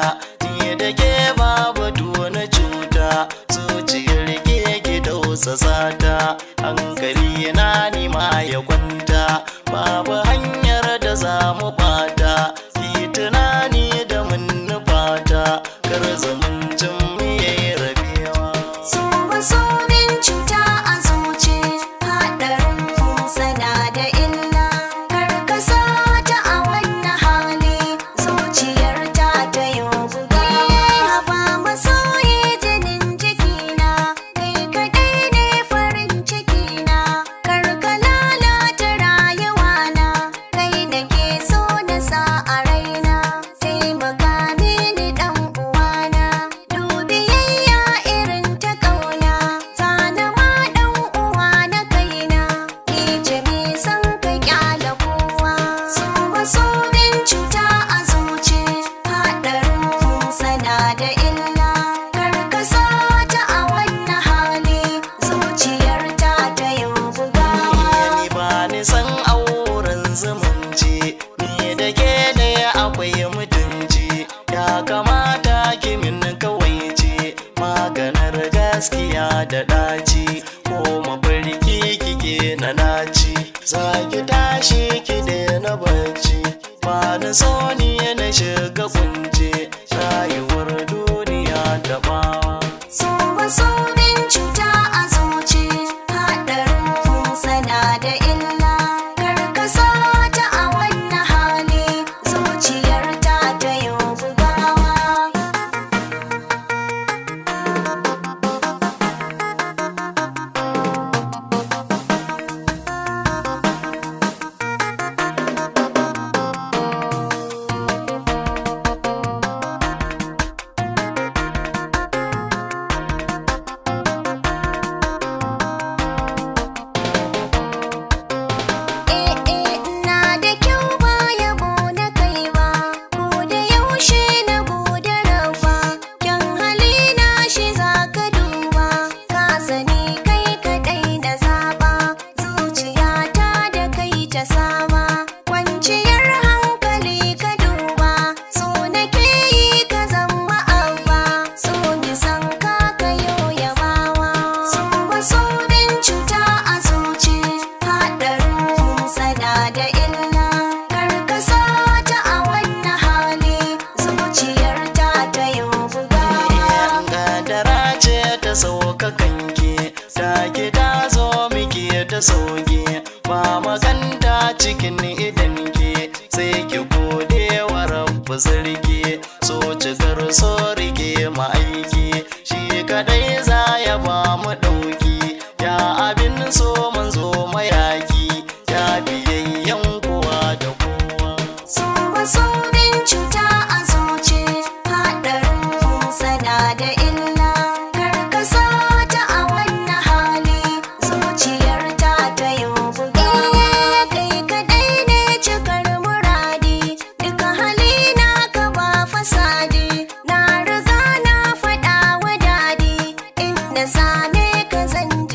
cuta ni da ke babu wani cuta zuciyar ke ke tausasa hankali na nima ya kwanta babu hanyar da za mu ba ya da ɗaci ko mafarki kike na naci za ki tashi ki na bacci ba ni sani na shiga kunce ka kanki sake da zo miki ta soge ba maganta cikin idanki sai ki gode wa rabu sarki so cikar so rike aiki shi kadai za ya ba mu ɗauki ya abin so zane ka zan